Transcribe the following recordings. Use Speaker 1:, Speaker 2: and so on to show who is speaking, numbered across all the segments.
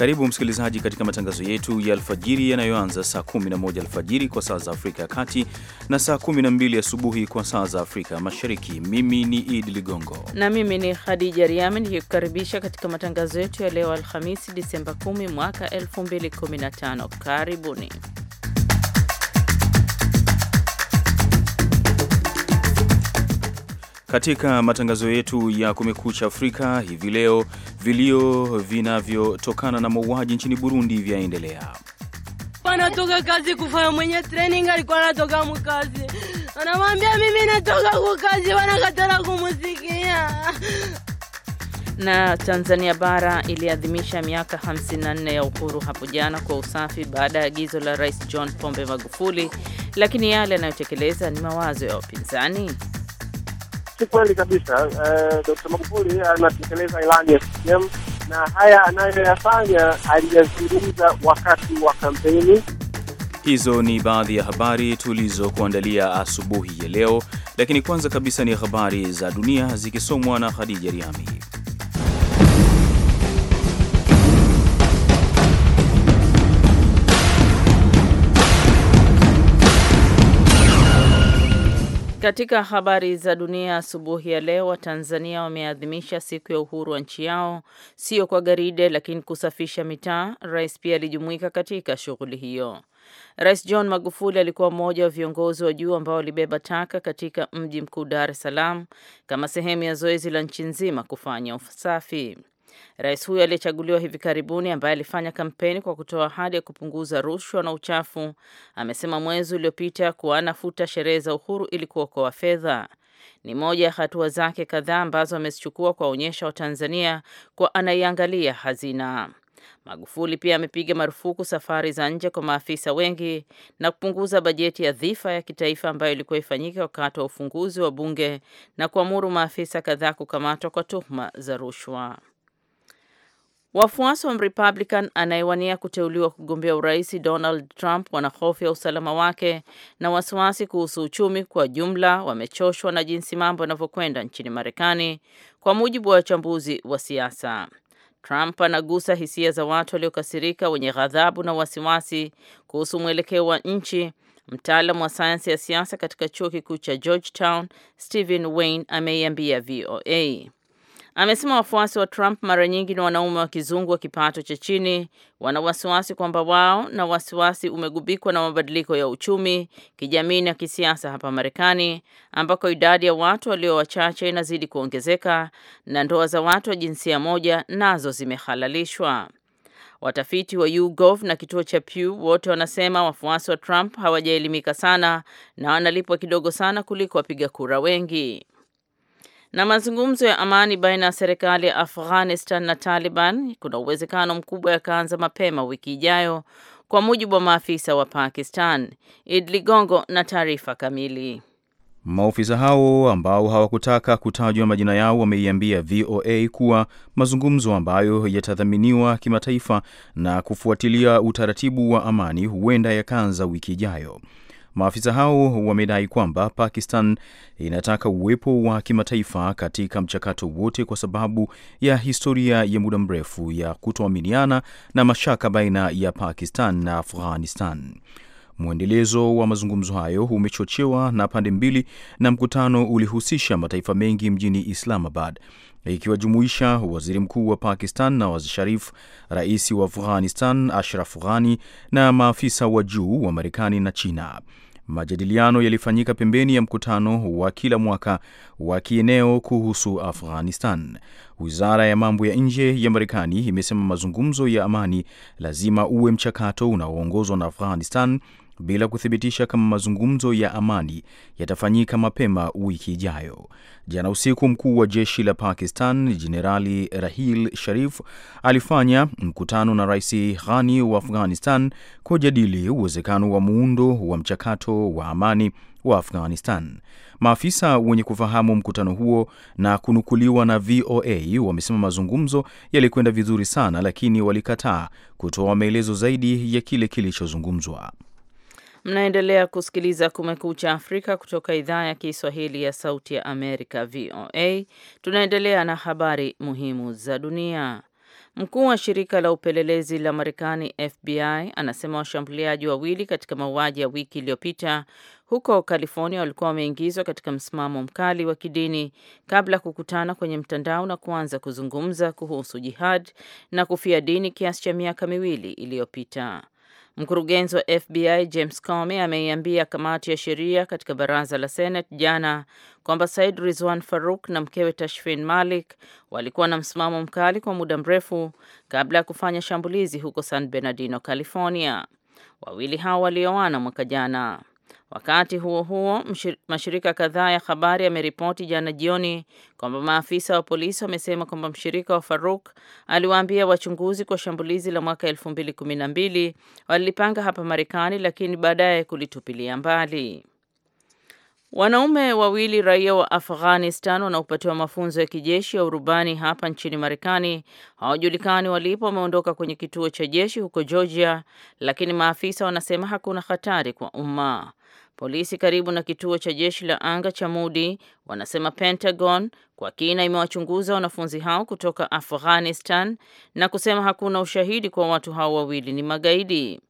Speaker 1: Karibu msikilizaji katika matangazo yetu ya alfajiri yanayoanza saa 11 alfajiri kwa saa za Afrika ya Kati na saa 12 asubuhi kwa saa za Afrika Mashariki. Mimi ni Idi Ligongo
Speaker 2: na mimi ni Khadija Riami nikikukaribisha katika matangazo yetu ya leo Alhamisi, Disemba 10 mwaka 2015. Karibuni
Speaker 1: Katika matangazo yetu ya Kumekucha Afrika hivi leo, vilio vinavyotokana na mauaji nchini Burundi vyaendelea.
Speaker 2: Anatoka kazi kufanya mwenye training, alikuwa anatoka mkazi, anamwambia mimi natoka kwa kazi, wanakatala kumusikia na Tanzania bara iliadhimisha miaka 54 ya uhuru hapo jana kwa usafi baada ya agizo la Rais John Pombe Magufuli, lakini yale yanayotekeleza ni mawazo ya wapinzani
Speaker 3: si kweli kabisa. Uh, Magufuli anatekeleza ilani ya CCM na haya anayoyafanya aliyazungumza wakati wa kampeni.
Speaker 1: Hizo ni baadhi ya habari tulizokuandalia asubuhi ya leo, lakini kwanza kabisa ni habari za dunia zikisomwa na Khadija Riami.
Speaker 2: Katika habari za dunia asubuhi ya leo, Watanzania wameadhimisha siku ya uhuru wa nchi yao, sio kwa garide, lakini kusafisha mitaa. Rais pia alijumuika katika shughuli hiyo. Rais John Magufuli alikuwa mmoja wa viongozi wa juu ambao walibeba taka katika mji mkuu Dar es Salaam kama sehemu ya zoezi la nchi nzima kufanya usafi. Rais huyo aliyechaguliwa hivi karibuni, ambaye alifanya kampeni kwa kutoa ahadi ya kupunguza rushwa na uchafu, amesema mwezi uliopita kuwa anafuta sherehe za uhuru ili kuokoa fedha. Ni moja ya hatua zake kadhaa ambazo amezichukua kuwaonyesha Watanzania kuwa anaiangalia hazina. Magufuli pia amepiga marufuku safari za nje kwa maafisa wengi na kupunguza bajeti ya dhifa ya kitaifa ambayo ilikuwa ifanyika wakati wa ufunguzi wa bunge na kuamuru maafisa kadhaa kukamatwa kwa tuhuma za rushwa. Wafuasi wa Mrepublican anayewania kuteuliwa kugombea urais Donald Trump ya usalama wake na wasiwasi kuhusu uchumi kwa jumla. Wamechoshwa na jinsi mambo yanavyokwenda nchini Marekani, kwa mujibu wa wachambuzi wa siasa. Trump anagusa hisia za watu waliokasirika, wenye ghadhabu na wasiwasi kuhusu mwelekeo wa nchi. Mtaalamu wa sayansi ya siasa katika chuo kikuu cha Georgetown, Stephen Wayne, ameiambia VOA. Amesema wafuasi wa Trump mara nyingi ni wanaume wa kizungu wa kipato cha chini, wana wasiwasi kwamba wao na wasiwasi umegubikwa na mabadiliko ya uchumi, kijamii na kisiasa hapa Marekani, ambako idadi ya watu walio wachache inazidi kuongezeka na ndoa za watu wa jinsia moja nazo zimehalalishwa. Watafiti wa YouGov na kituo cha Pew wote wanasema wafuasi wa Trump hawajaelimika sana na wanalipwa kidogo sana kuliko wapiga kura wengi na mazungumzo ya amani baina ya serikali ya Afghanistan na Taliban kuna uwezekano mkubwa yakaanza mapema wiki ijayo, kwa mujibu wa maafisa wa Pakistan. Id Ligongo na taarifa kamili.
Speaker 1: Maofisa hao ambao hawakutaka kutajwa majina yao wameiambia VOA kuwa mazungumzo ambayo yatadhaminiwa kimataifa na kufuatilia utaratibu wa amani huenda yakaanza wiki ijayo. Maafisa hao wamedai kwamba Pakistan inataka uwepo wa kimataifa katika mchakato wote kwa sababu ya historia ya muda mrefu ya kutoaminiana na mashaka baina ya Pakistan na Afghanistan. Mwendelezo wa mazungumzo hayo umechochewa na pande mbili na mkutano ulihusisha mataifa mengi mjini Islamabad ikiwajumuisha waziri mkuu wa Pakistan Nawaz Sharif, rais wa Afghanistan Ashraf Ghani na maafisa wa juu wa Marekani na China. Majadiliano yalifanyika pembeni ya mkutano wa kila mwaka wa kieneo kuhusu Afghanistan. Wizara ya mambo ya nje ya Marekani imesema mazungumzo ya amani lazima uwe mchakato unaoongozwa na Afghanistan bila kuthibitisha kama mazungumzo ya amani yatafanyika mapema wiki ijayo. Jana usiku, mkuu wa jeshi la Pakistan Jenerali Rahil Sharif alifanya mkutano na Rais Ghani wa Afghanistan kujadili uwezekano wa muundo wa mchakato wa amani wa Afghanistan. Maafisa wenye kufahamu mkutano huo na kunukuliwa na VOA wamesema mazungumzo yalikwenda vizuri sana, lakini walikataa kutoa maelezo zaidi ya kile kilichozungumzwa.
Speaker 2: Mnaendelea kusikiliza Kumekucha Afrika kutoka idhaa ya Kiswahili ya Sauti ya Amerika, VOA. Tunaendelea na habari muhimu za dunia. Mkuu wa shirika la upelelezi la Marekani FBI anasema washambuliaji wawili katika mauaji ya wiki iliyopita huko California walikuwa wameingizwa katika msimamo mkali wa kidini kabla ya kukutana kwenye mtandao na kuanza kuzungumza kuhusu jihad na kufia dini kiasi cha miaka miwili iliyopita. Mkurugenzi wa FBI James Comey ameiambia kamati ya sheria katika baraza la Senate jana kwamba Said Rizwan Farouk na mkewe Tashfin Malik walikuwa na msimamo mkali kwa muda mrefu kabla ya kufanya shambulizi huko San Bernardino, California. Wawili hao walioana mwaka jana. Wakati huo huo, mashirika kadhaa ya habari yameripoti jana jioni kwamba maafisa wa polisi wamesema kwamba mshirika wa Faruk aliwaambia wachunguzi kwa shambulizi la mwaka 2012 walilipanga hapa Marekani, lakini baadaye kulitupilia mbali. Wanaume wawili raia wa Afghanistan wanaopatiwa mafunzo ya kijeshi ya urubani hapa nchini Marekani hawajulikani walipo, wameondoka kwenye kituo cha jeshi huko Georgia, lakini maafisa wanasema hakuna hatari kwa umma. Polisi karibu na kituo cha jeshi la anga cha Mudi wanasema Pentagon kwa kina imewachunguza wanafunzi hao kutoka Afghanistan na kusema hakuna ushahidi kwa watu hao wawili ni magaidi.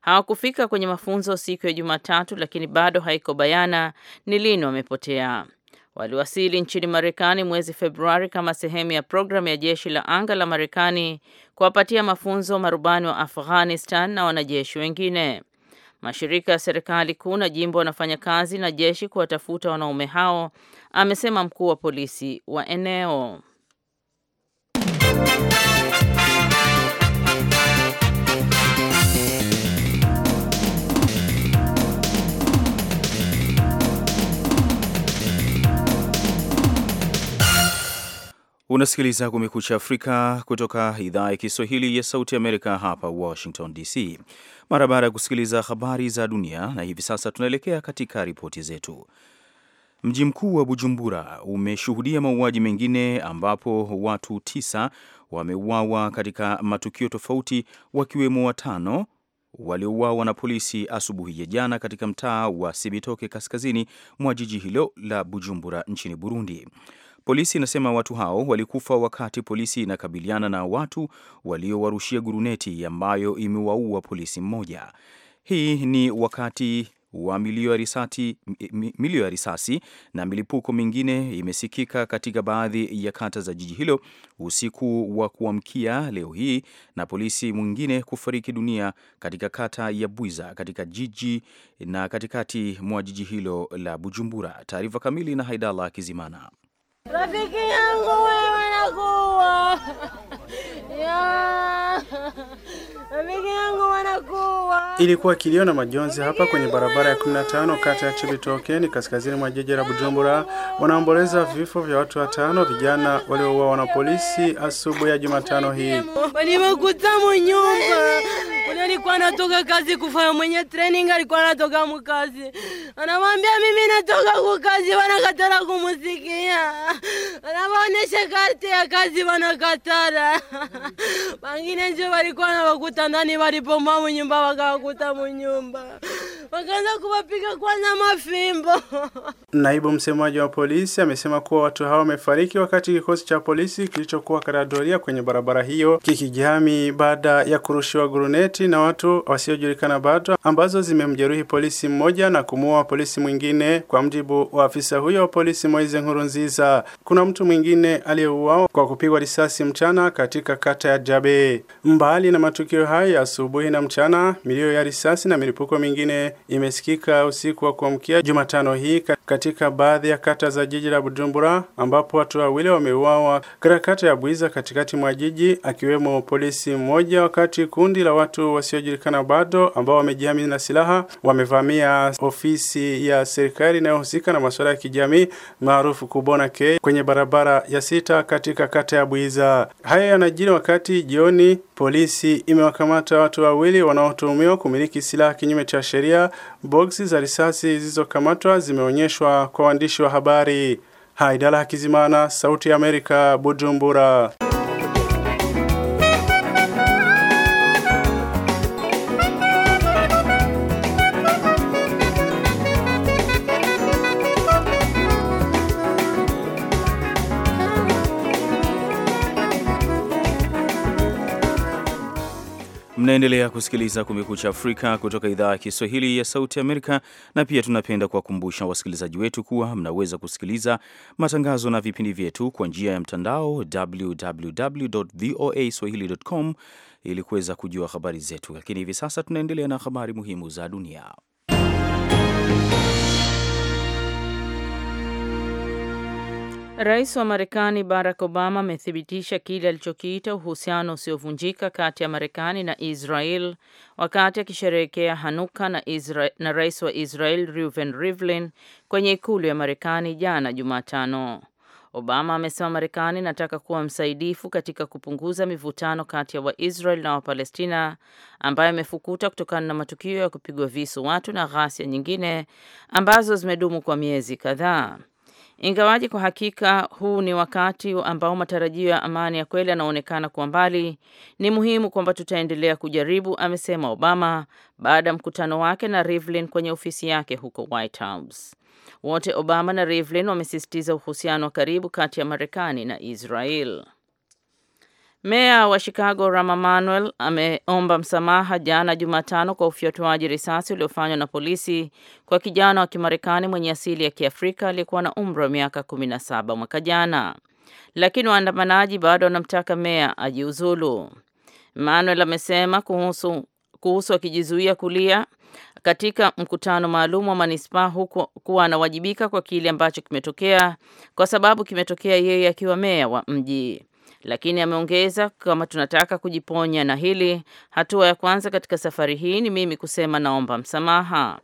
Speaker 2: Hawakufika kwenye mafunzo siku ya Jumatatu, lakini bado haiko bayana ni lini wamepotea. Waliwasili nchini Marekani mwezi Februari kama sehemu ya programu ya jeshi la anga la Marekani kuwapatia mafunzo marubani wa Afghanistan na wanajeshi wengine. Mashirika ya serikali kuu na jimbo wanafanya kazi na jeshi kuwatafuta wanaume hao, amesema mkuu wa polisi wa eneo.
Speaker 1: Unasikiliza Kumekucha Afrika kutoka idhaa ya Kiswahili ya Sauti Amerika, hapa Washington DC. Mara baada ya kusikiliza habari za dunia, na hivi sasa tunaelekea katika ripoti zetu. Mji mkuu wa Bujumbura umeshuhudia mauaji mengine ambapo watu tisa wameuawa katika matukio tofauti, wakiwemo watano waliouawa na polisi asubuhi ya jana katika mtaa wa Sibitoke kaskazini mwa jiji hilo la Bujumbura nchini Burundi. Polisi inasema watu hao walikufa wakati polisi inakabiliana na watu waliowarushia guruneti ambayo imewaua polisi mmoja. Hii ni wakati wa milio ya risasi, milio ya risasi na milipuko mingine imesikika katika baadhi ya kata za jiji hilo usiku wa kuamkia leo hii, na polisi mwingine kufariki dunia katika kata ya Bwiza katika jiji na katikati mwa jiji hilo la Bujumbura. Taarifa kamili na Haidala Kizimana.
Speaker 3: Rafiki yangu wewe nakuwa Rafiki yangu wanakuwa.
Speaker 4: Ilikuwa kilio na majonzi hapa kwenye barabara ya 15 kata ya Chibitoke ni kaskazini mwa jiji la Bujumbura, wanaomboleza vifo vya watu watano vijana waliouawa na polisi asubuhi ya Jumatano hii.
Speaker 2: Walimekuta mnyumba. Kuna alikuwa anatoka kazi kufanya mwenye training alikuwa anatoka mkazi. Anamwambia mimi natoka kwa kazi wanakatara kumusikia. Anawaonesha karte ya kazi wanakatara. Bangine nje walikuwa wanawakuta ndani walipoma mnyumba wakawakuta mnyumba. Wakaanza kuwapiga kwanza mafimbo.
Speaker 4: Naibu msemaji wa polisi amesema kuwa watu hao wamefariki wakati kikosi cha polisi kilichokuwa karadoria kwenye barabara hiyo kikijihami baada ya kurushiwa gruneti kati na watu wasiojulikana bado ambazo zimemjeruhi polisi mmoja na kumuua polisi mwingine, kwa mjibu wa afisa huyo wa polisi Moise Nkurunziza. Kuna mtu mwingine aliyeuawa kwa kupigwa risasi mchana katika kata ya Jabe. Mbali na matukio hayo asubuhi na mchana, milio ya risasi na milipuko mingine imesikika usiku wa kuamkia Jumatano hii katika baadhi ya kata za jiji la Bujumbura ambapo watu wawili wameuawa katika kata ya Bwiza katikati mwa jiji, akiwemo polisi mmoja, wakati kundi la watu wasiojulikana bado ambao wamejihami na silaha wamevamia ofisi ya serikali inayohusika na, na masuala ya kijamii maarufu Kubona K kwenye barabara ya sita katika kata ya Bwiza. Haya yanajiri wakati jioni Polisi imewakamata watu wawili wanaotuhumiwa kumiliki silaha kinyume cha sheria. Boksi za risasi zilizokamatwa zimeonyeshwa kwa waandishi wa habari. Haidala Hakizimana, Sauti ya Amerika, Bujumbura.
Speaker 1: Mnaendelea kusikiliza Kumekucha Afrika kutoka idhaa ya Kiswahili ya Sauti Amerika, na pia tunapenda kuwakumbusha wasikilizaji wetu kuwa mnaweza kusikiliza matangazo na vipindi vyetu kwa njia ya mtandao www.voaswahili.com ili kuweza kujua habari zetu. Lakini hivi sasa tunaendelea na habari muhimu za dunia.
Speaker 2: Rais wa Marekani Barack Obama amethibitisha kile alichokiita uhusiano usiovunjika kati ya Marekani na Israel wakati akisherehekea Hanuka na, na rais wa Israel Reuven Rivlin kwenye ikulu ya Marekani jana Jumatano. Obama amesema Marekani inataka kuwa msaidifu katika kupunguza mivutano kati ya Waisrael na Wapalestina ambayo imefukuta kutokana na matukio ya kupigwa visu watu na ghasia nyingine ambazo zimedumu kwa miezi kadhaa. Ingawaji kwa hakika huu ni wakati ambao matarajio ya amani ya kweli yanaonekana kuwa mbali, ni muhimu kwamba tutaendelea kujaribu, amesema Obama baada ya mkutano wake na Rivlin kwenye ofisi yake huko White House. Wote Obama na Rivlin wamesisitiza uhusiano wa karibu kati ya Marekani na Israel. Meya wa Chicago Rahm Emanuel ameomba msamaha jana Jumatano kwa ufyatuaji risasi uliofanywa na polisi kwa kijana wa Kimarekani mwenye asili ya Kiafrika aliyekuwa na umri wa miaka 17 mwaka jana, lakini waandamanaji bado wanamtaka meya ajiuzulu. Emanuel amesema kuhusu kuhusu akijizuia kulia katika mkutano maalum wa manispaa huku kuwa anawajibika kwa kile ambacho kimetokea kwa sababu kimetokea yeye akiwa meya wa mji lakini ameongeza kama tunataka kujiponya na hili, hatua ya kwanza katika safari hii ni mimi kusema naomba msamaha.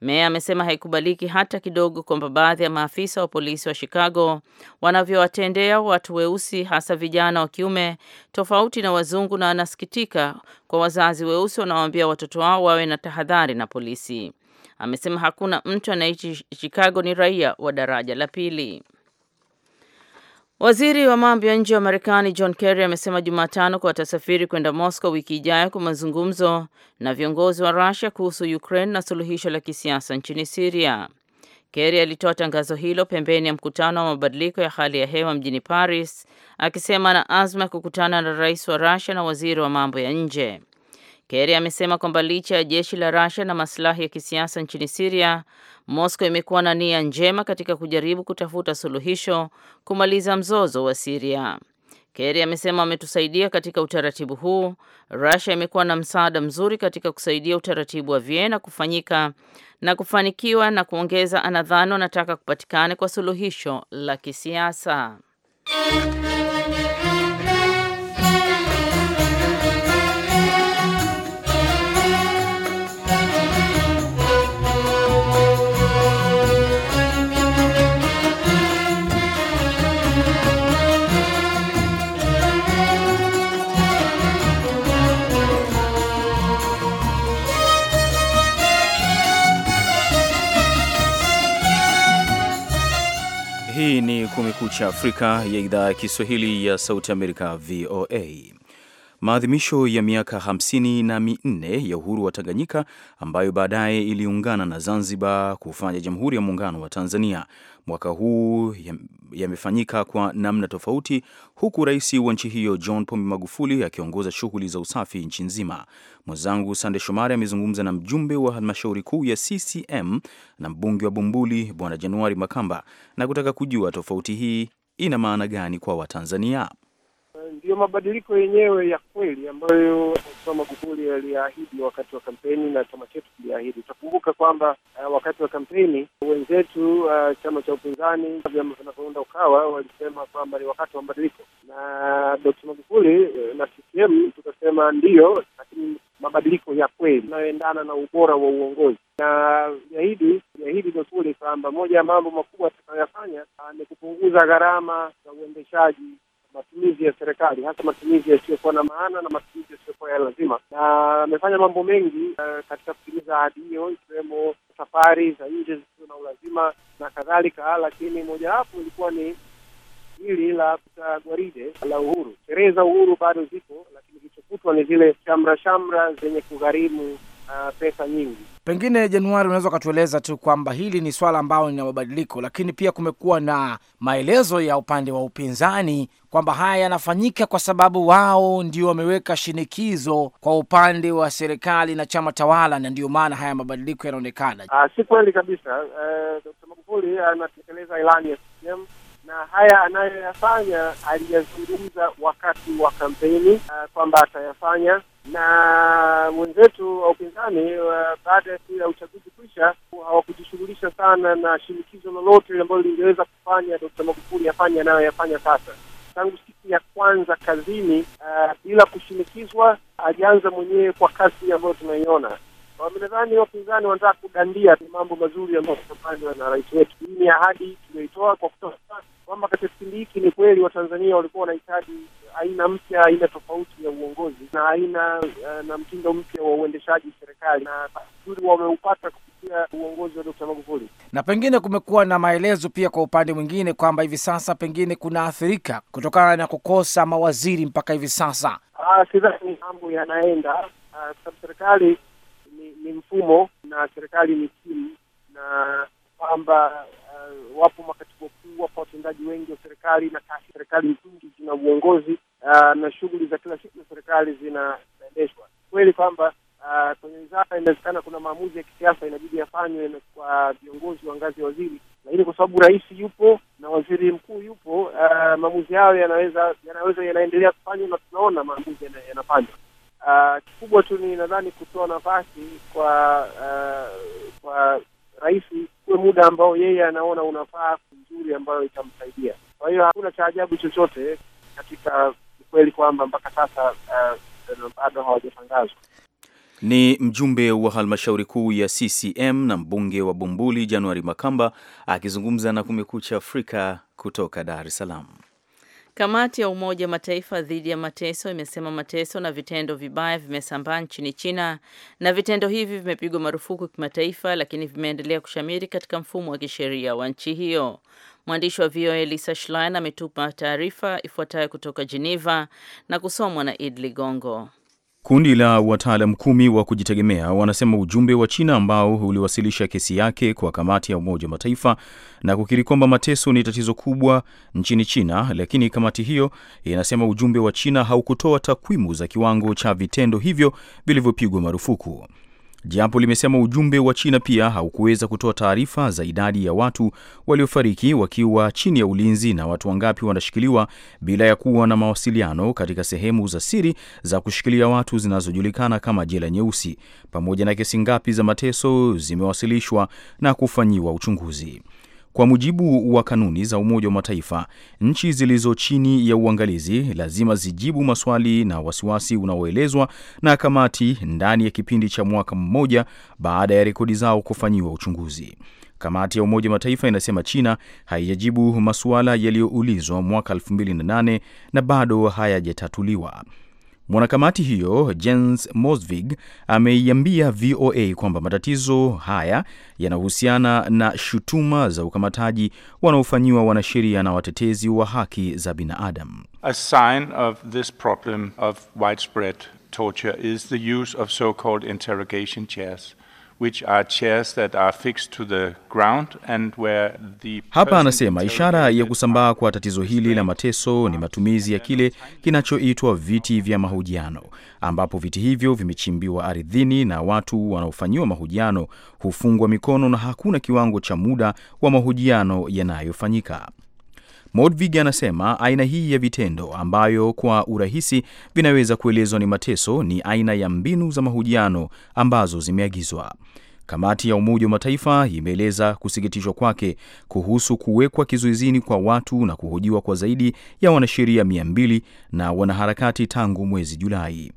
Speaker 2: Meya amesema haikubaliki hata kidogo kwamba baadhi ya maafisa wa polisi wa Chicago wanavyowatendea watu weusi hasa vijana wa kiume tofauti na wazungu, na anasikitika kwa wazazi weusi wanaoambia watoto wao wawe na tahadhari na polisi. Amesema hakuna mtu anayeishi Chicago ni raia wa daraja la pili. Waziri wa mambo ya nje wa Marekani John Kerry amesema Jumatano kuwa atasafiri kwenda Moscow wiki ijayo kwa mazungumzo na viongozi wa Russia kuhusu Ukraine na suluhisho la kisiasa nchini Syria. Kerry alitoa tangazo hilo pembeni ya mkutano wa mabadiliko ya hali ya hewa mjini Paris, akisema ana azma ya kukutana na rais wa Russia na waziri wa mambo ya nje. Kerry amesema kwamba licha ya jeshi la Russia na maslahi ya kisiasa nchini Syria, Moscow imekuwa na nia njema katika kujaribu kutafuta suluhisho kumaliza mzozo wa Syria. Kerry amesema ametusaidia katika utaratibu huu. Russia imekuwa na msaada mzuri katika kusaidia utaratibu wa Vienna kufanyika na kufanikiwa na kuongeza anadhani wanataka kupatikane kwa suluhisho la kisiasa.
Speaker 1: ni Kumekucha Afrika ya idhaa ya Kiswahili ya Sauti Amerika, VOA. Maadhimisho ya miaka hamsini na minne ya uhuru wa Tanganyika ambayo baadaye iliungana na Zanzibar kufanya Jamhuri ya Muungano wa Tanzania mwaka huu yamefanyika kwa namna tofauti, huku rais wa nchi hiyo John Pombe Magufuli akiongoza shughuli za usafi nchi nzima. Mwenzangu Sande Shomari amezungumza na mjumbe wa halmashauri kuu ya CCM na mbunge wa Bumbuli Bwana Januari Makamba na kutaka kujua tofauti hii ina maana gani kwa Watanzania
Speaker 3: ndiyo mabadiliko yenyewe ya kweli ambayo Ousma Magufuli aliyaahidi wakati wa kampeni na chama chetu kiliahidi. Utakumbuka kwamba uh, wakati wa kampeni wenzetu uh, chama cha upinzani, vyama vinavyounda Ukawa walisema kwamba ni wakati wa mabadiliko, na Dkt. Magufuli eh, na CCM tukasema ndiyo, lakini mabadiliko ya kweli yanayoendana na ubora wa uongozi na jahidi jahidi Magufuli kwamba moja ya mambo makubwa atakayoyafanya ni kupunguza gharama za uendeshaji matumizi ya serikali, hasa matumizi yasiyokuwa na maana na matumizi yasiyokuwa ya lazima, na amefanya mambo mengi uh, katika kutimiza ahadi hiyo, ikiwemo safari za nje zisizo na ulazima na kadhalika, lakini mojawapo ilikuwa ni hili la gwaride la uhuru. Sherehe za uhuru bado zipo, lakini kilichokutwa ni zile shamra shamra zenye kugharimu uh, pesa nyingi.
Speaker 1: Pengine Januari, unaweza ukatueleza tu kwamba hili ni swala ambalo lina mabadiliko, lakini pia kumekuwa na maelezo ya upande wa upinzani kwamba haya yanafanyika kwa sababu wao ndio wameweka shinikizo kwa upande wa serikali na chama tawala, na ndio maana haya mabadiliko yanaonekana.
Speaker 3: Uh, si kweli kabisa. Uh, Magufuli anatekeleza ilani ya CCM na haya anayoyafanya aliyazungumza wakati wa kampeni uh, kwamba atayafanya na wenzetu wa upinzani uh, baada ya uchaguzi kuisha hawakujishughulisha sana na shinikizo lolote ambalo lingeweza kufanya Dokta Magufuli afanye anayoyafanya sasa. Tangu siku ya kwanza kazini uh, bila kushinikizwa, alianza mwenyewe kwa kasi ambayo tunaiona. Nadhani wapinzani wanataka kudandia mambo mazuri ambayo tunafanywa na rais wetu. Hii ni ahadi tuliyoitoa kwa kutoa kwamba katika kipindi hiki, ni kweli Watanzania walikuwa wanahitaji aina mpya, aina tofauti ya uongozi na aina uh, eh, na mtindo mpya wa uendeshaji serikali, na uzuri wameupata kupitia uongozi wa Dkt. Magufuli.
Speaker 1: Na pengine kumekuwa na maelezo pia kwa upande mwingine kwamba hivi sasa pengine kunaathirika kutokana na kukosa mawaziri mpaka hivi sasa.
Speaker 3: Uh, sidhani mambo yanaenda uh, serikali ni, ni mfumo na serikali ni timu na kwamba uh, wapo makatibu wakuu, wapo watendaji wengi wa serikali na serikali nyingi zina uongozi uh, na shughuli za kila siku za serikali zinaendeshwa. Kweli kwamba uh, kwenye wizara inawezekana kuna maamuzi ya kisiasa inabidi yafanywe kwa viongozi wa ngazi ya waziri, lakini kwa sababu rais yupo na waziri mkuu yupo, uh, maamuzi hayo yanaweza yanaweza yanaendelea kufanywa na tunaona maamuzi yanafanywa. Uh, kikubwa tu ni nadhani kutoa nafasi kwa uh, kwa rais kuwe muda ambao yeye anaona unafaa nzuri ambayo itamsaidia. Kwa hiyo hakuna cha ajabu chochote katika kweli kwamba mpaka sasa uh, bado uh, hawajatangazwa.
Speaker 1: Ni mjumbe wa halmashauri kuu ya CCM na mbunge wa Bumbuli Januari Makamba akizungumza na Kumekucha Afrika kutoka Dar es Salaam.
Speaker 2: Kamati ya Umoja wa Mataifa dhidi ya mateso imesema mateso na vitendo vibaya vimesambaa nchini China na vitendo hivi vimepigwa marufuku kimataifa, lakini vimeendelea kushamiri katika mfumo wa kisheria wa nchi hiyo. Mwandishi wa VOA Lisa Schlein ametupa taarifa ifuatayo kutoka Geneva na kusomwa na Id Ligongo.
Speaker 1: Kundi la wataalam kumi wa kujitegemea wanasema ujumbe wa China ambao uliwasilisha kesi yake kwa kamati ya Umoja wa Mataifa na kukiri kwamba mateso ni tatizo kubwa nchini China, lakini kamati hiyo inasema ujumbe wa China haukutoa takwimu za kiwango cha vitendo hivyo vilivyopigwa marufuku. Japo limesema ujumbe wa China pia haukuweza kutoa taarifa za idadi ya watu waliofariki wakiwa chini ya ulinzi na watu wangapi wanashikiliwa bila ya kuwa na mawasiliano katika sehemu za siri za kushikilia watu zinazojulikana kama jela nyeusi, pamoja na kesi ngapi za mateso zimewasilishwa na kufanyiwa uchunguzi. Kwa mujibu wa kanuni za Umoja wa Mataifa, nchi zilizo chini ya uangalizi lazima zijibu maswali na wasiwasi unaoelezwa na kamati ndani ya kipindi cha mwaka mmoja baada ya rekodi zao kufanyiwa uchunguzi. Kamati ya Umoja wa Mataifa inasema China haijajibu masuala yaliyoulizwa mwaka 2008 na bado hayajatatuliwa. Mwanakamati hiyo Jens Mosvig ameiambia VOA kwamba matatizo haya yanahusiana na shutuma za ukamataji wanaofanyiwa wanasheria na watetezi wa haki za binadamu.
Speaker 4: A sign of this problem of widespread torture is the use of so-called interrogation chairs which are chairs that are fixed to the ground and where the hapa anasema
Speaker 1: ishara ya kusambaa kwa tatizo hili la mateso ni matumizi ya kile kinachoitwa viti vya mahojiano, ambapo viti hivyo vimechimbiwa ardhini na watu wanaofanyiwa mahojiano hufungwa mikono na hakuna kiwango cha muda wa mahojiano yanayofanyika. Modvig anasema aina hii ya vitendo ambayo kwa urahisi vinaweza kuelezwa ni mateso ni aina ya mbinu za mahojiano ambazo zimeagizwa. Kamati ya Umoja wa Mataifa imeeleza kusikitishwa kwake kuhusu kuwekwa kizuizini kwa watu na kuhojiwa kwa zaidi ya wanasheria mia mbili na wanaharakati tangu mwezi Julai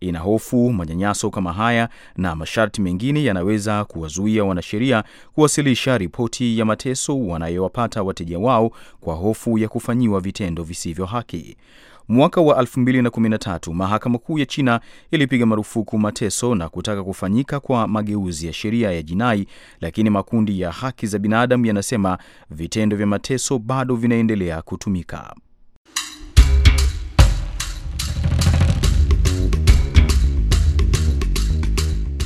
Speaker 1: ina hofu manyanyaso kama haya na masharti mengine yanaweza kuwazuia wanasheria kuwasilisha ripoti ya mateso wanayowapata wateja wao kwa hofu ya kufanyiwa vitendo visivyo haki. Mwaka wa 213 mahakama kuu ya China ilipiga marufuku mateso na kutaka kufanyika kwa mageuzi ya sheria ya jinai, lakini makundi ya haki za binadamu yanasema vitendo vya mateso bado vinaendelea kutumika.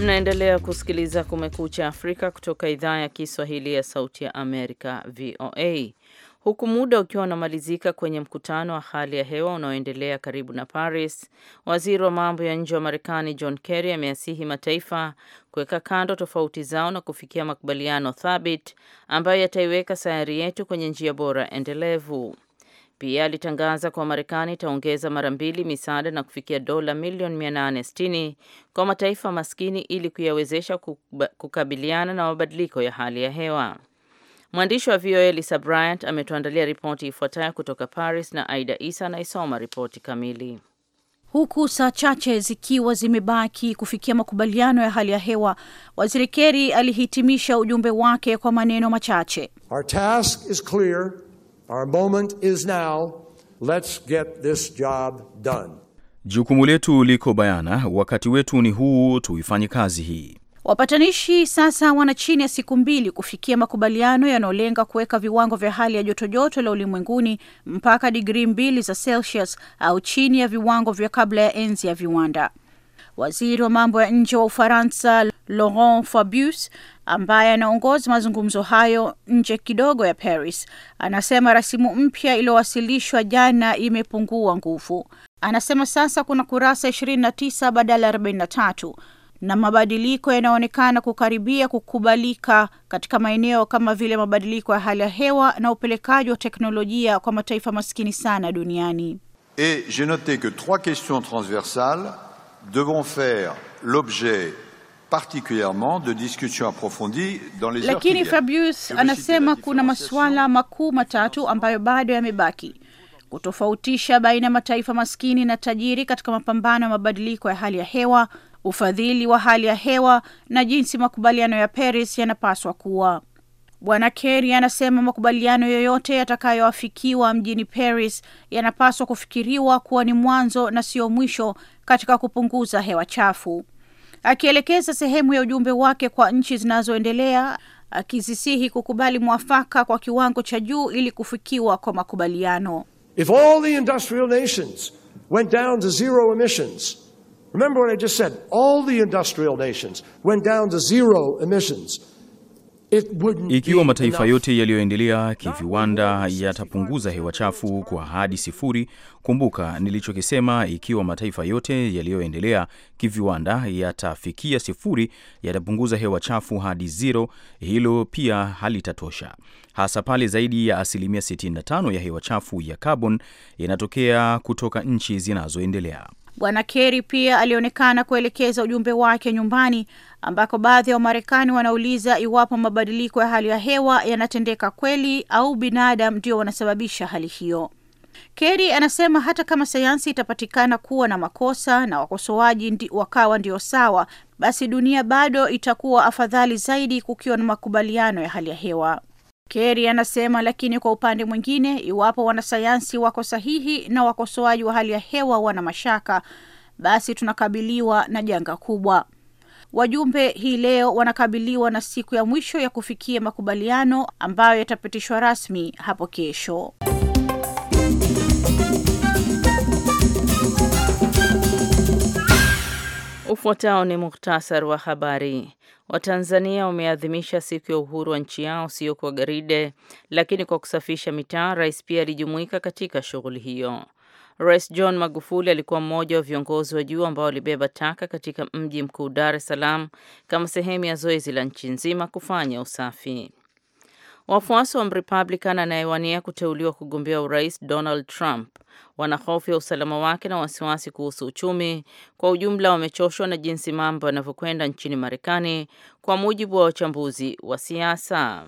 Speaker 2: Mnaendelea kusikiliza Kumekucha Afrika kutoka idhaa ya Kiswahili ya Sauti ya Amerika, VOA. Huku muda ukiwa unamalizika kwenye mkutano wa hali ya hewa unaoendelea karibu na Paris, waziri wa mambo ya nje wa Marekani John Kerry ameasihi mataifa kuweka kando tofauti zao na kufikia makubaliano thabiti ambayo yataiweka sayari yetu kwenye njia bora endelevu. Pia alitangaza kuwa Marekani itaongeza mara mbili misaada na kufikia dola milioni 860 kwa mataifa maskini ili kuyawezesha kukabiliana na mabadiliko ya hali ya hewa. Mwandishi wa VOA Lisa Bryant ametuandalia ripoti ifuatayo kutoka Paris na Aida Isa anaisoma ripoti kamili.
Speaker 5: Huku saa chache zikiwa zimebaki kufikia makubaliano ya hali ya hewa, waziri Keri alihitimisha ujumbe wake kwa maneno
Speaker 3: machache. Our task is clear. Our moment is now. Let's get this job done.
Speaker 1: Jukumu letu liko bayana, wakati wetu ni huu, tuifanye kazi hii.
Speaker 5: Wapatanishi sasa wana chini ya siku mbili kufikia makubaliano yanayolenga kuweka viwango vya hali ya jotojoto la ulimwenguni mpaka digrii mbili za Celsius au chini ya viwango vya kabla ya enzi ya viwanda. Waziri wa mambo ya nje wa Ufaransa Laurent Fabius ambaye anaongoza mazungumzo hayo nje kidogo ya Paris, anasema rasimu mpya iliyowasilishwa jana imepungua nguvu. Anasema sasa kuna kurasa 29 badala ya 43 na mabadiliko yanaonekana kukaribia kukubalika katika maeneo kama vile mabadiliko ya hali ya hewa na upelekaji wa teknolojia kwa mataifa maskini sana duniani.
Speaker 1: Et j'ai noté que trois questions transversales devront faire l'objet particulièrement de discussions approfondies dans les Lakini Fabius
Speaker 5: anasema kuna masuala makuu matatu ambayo bado yamebaki: kutofautisha baina ya mataifa maskini na tajiri katika mapambano ya mabadiliko ya hali ya hewa, ufadhili wa hali ya hewa na jinsi makubaliano ya Paris yanapaswa kuwa. Bwana kery anasema makubaliano yoyote yatakayoafikiwa mjini Paris yanapaswa kufikiriwa kuwa ni mwanzo na sio mwisho katika kupunguza hewa chafu akielekeza sehemu ya ujumbe wake kwa nchi zinazoendelea akizisihi kukubali mwafaka kwa kiwango cha juu ili kufikiwa kwa makubaliano.
Speaker 3: If all the industrial nations went down to zero emissions, remember what I just said, all the industrial nations went down to zero emissions
Speaker 1: ikiwa mataifa yote yaliyoendelea kiviwanda yatapunguza hewa chafu kwa hadi sifuri, kumbuka nilichokisema, ikiwa mataifa yote yaliyoendelea kiviwanda yatafikia sifuri, yatapunguza hewa chafu hadi zero, hilo pia halitatosha, hasa pale zaidi ya asilimia 65 ya hewa chafu ya carbon inatokea kutoka nchi zinazoendelea.
Speaker 5: Bwana Kerry pia alionekana kuelekeza ujumbe wake nyumbani ambako baadhi ya wa Wamarekani wanauliza iwapo mabadiliko ya hali ya hewa yanatendeka kweli au binadamu ndio wanasababisha hali hiyo. Kerry anasema hata kama sayansi itapatikana kuwa na makosa na wakosoaji ndi, wakawa ndio sawa, basi dunia bado itakuwa afadhali zaidi kukiwa na makubaliano ya hali ya hewa. Kerry anasema lakini kwa upande mwingine, iwapo wanasayansi wako sahihi na wakosoaji wa hali ya hewa wana mashaka, basi tunakabiliwa na janga kubwa. Wajumbe hii leo wanakabiliwa na siku ya mwisho ya kufikia makubaliano ambayo yatapitishwa rasmi hapo kesho.
Speaker 2: Ufuatao ni muhtasari wa habari. Watanzania wameadhimisha siku ya uhuru wa nchi yao sio kwa garide, lakini kwa kusafisha mitaa. Rais pia alijumuika katika shughuli hiyo. Rais John Magufuli alikuwa mmoja wa viongozi wa juu ambao walibeba taka katika mji mkuu Dar es Salaam kama sehemu ya zoezi la nchi nzima kufanya usafi. Wafuasi wa Mrepublican anayewania kuteuliwa kugombea urais Donald Trump wana hofu ya usalama wake na wasiwasi kuhusu uchumi. Kwa ujumla, wamechoshwa na jinsi mambo yanavyokwenda nchini Marekani, kwa mujibu wa wachambuzi wa siasa.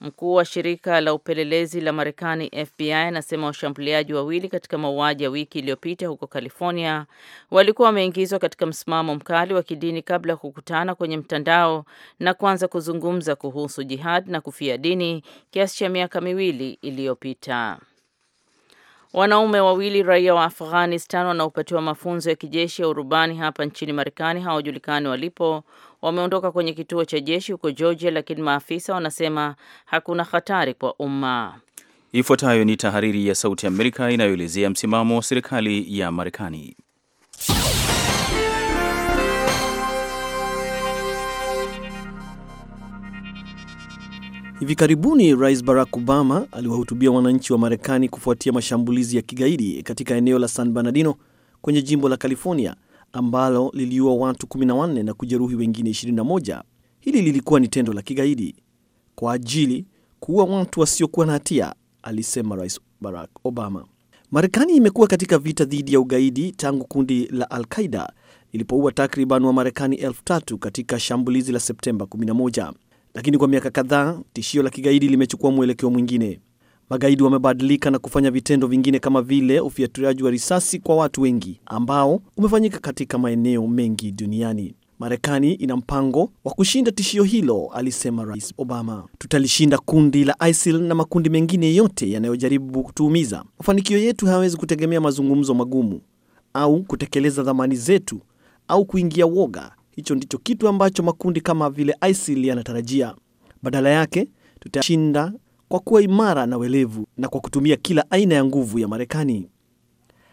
Speaker 2: Mkuu wa shirika la upelelezi la Marekani FBI anasema washambuliaji wawili katika mauaji ya wiki iliyopita huko California walikuwa wameingizwa katika msimamo mkali wa kidini kabla ya kukutana kwenye mtandao na kuanza kuzungumza kuhusu jihad na kufia dini kiasi cha miaka miwili iliyopita. Wanaume wawili raia wa Afghanistan wanaopatiwa mafunzo ya kijeshi ya urubani hapa nchini Marekani hawajulikani walipo wameondoka kwenye kituo cha jeshi huko Georgia, lakini maafisa wanasema hakuna hatari kwa umma.
Speaker 1: Ifuatayo ni tahariri ya Sauti Amerika inayoelezea msimamo wa serikali ya Marekani.
Speaker 6: Hivi karibuni Rais Barack Obama aliwahutubia wananchi wa Marekani kufuatia mashambulizi ya kigaidi katika eneo la San Bernardino kwenye jimbo la California ambalo liliua watu 14 na kujeruhi wengine 21. Hili lilikuwa ni tendo la kigaidi kwa ajili kuua watu wasiokuwa na hatia, alisema Rais Barack Obama. Marekani imekuwa katika vita dhidi ya ugaidi tangu kundi la Al-Qaida lilipoua takriban wa Marekani elfu tatu katika shambulizi la Septemba 11, lakini kwa miaka kadhaa tishio la kigaidi limechukua mwelekeo mwingine. Magaidi wamebadilika na kufanya vitendo vingine kama vile ufiaturiaji wa risasi kwa watu wengi ambao umefanyika katika maeneo mengi duniani. Marekani ina mpango wa kushinda tishio hilo, alisema Rais Obama. Tutalishinda kundi la ISIL na makundi mengine yote yanayojaribu kutuumiza. Mafanikio yetu hayawezi kutegemea mazungumzo magumu au kutekeleza dhamani zetu au kuingia woga. Hicho ndicho kitu ambacho makundi kama vile ISIL yanatarajia. Badala yake tutashinda kwa kuwa imara na welevu na kwa kutumia kila aina ya nguvu ya Marekani.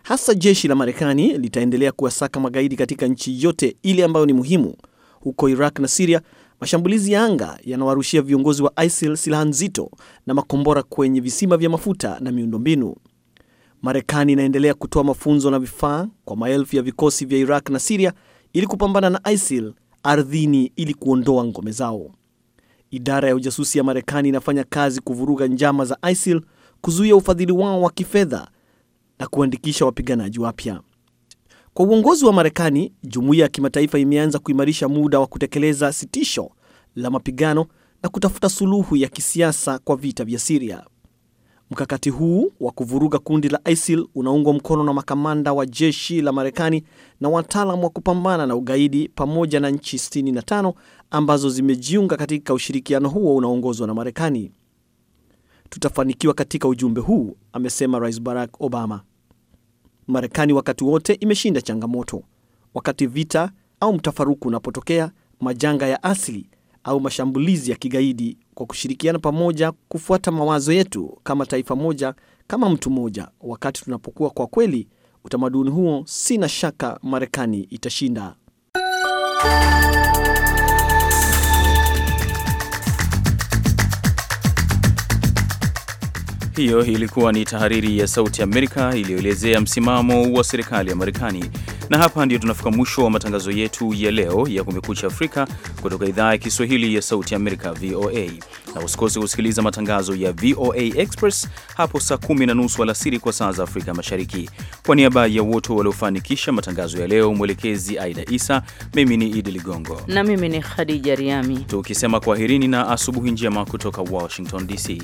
Speaker 6: Hasa jeshi la Marekani litaendelea kuwasaka magaidi katika nchi yote ile ambayo ni muhimu. Huko Iraq na Siria, mashambulizi ya anga yanawarushia viongozi wa ISIL silaha nzito na makombora kwenye visima vya mafuta na miundombinu. Marekani inaendelea kutoa mafunzo na vifaa kwa maelfu ya vikosi vya Iraq na Siria ili kupambana na ISIL ardhini ili kuondoa ngome zao. Idara ya ujasusi ya Marekani inafanya kazi kuvuruga njama za ISIL, kuzuia ufadhili wao wa kifedha na kuandikisha wapiganaji wapya. Kwa uongozi wa Marekani, jumuiya ya kimataifa imeanza kuimarisha muda wa kutekeleza sitisho la mapigano na kutafuta suluhu ya kisiasa kwa vita vya Siria. Mkakati huu wa kuvuruga kundi la ISIL unaungwa mkono na makamanda wa jeshi la Marekani na wataalam wa kupambana na ugaidi pamoja na nchi ambazo zimejiunga katika ushirikiano huo unaoongozwa na Marekani. Tutafanikiwa katika ujumbe huu, amesema Rais Barack Obama. Marekani wakati wote imeshinda changamoto. Wakati vita au mtafaruku unapotokea, majanga ya asili au mashambulizi ya kigaidi, kwa kushirikiana pamoja, kufuata mawazo yetu kama taifa moja, kama mtu mmoja, wakati tunapokuwa kwa kweli utamaduni huo, sina shaka Marekani itashinda.
Speaker 1: Hiyo ilikuwa ni tahariri ya Sauti Amerika iliyoelezea msimamo wa serikali ya Marekani. Na hapa ndio tunafika mwisho wa matangazo yetu ya leo ya Kumekucha Afrika kutoka idhaa ya Kiswahili ya Sauti Amerika, VOA. Na usikose kusikiliza matangazo ya VOA Express hapo saa kumi na nusu alasiri kwa saa za Afrika Mashariki. Kwa niaba ya wote waliofanikisha matangazo ya leo, mwelekezi Aida Isa, mimi ni Idi Ligongo
Speaker 2: na mimi ni Khadija Riami,
Speaker 1: tukisema kwaherini na asubuhi njema kutoka Washington DC.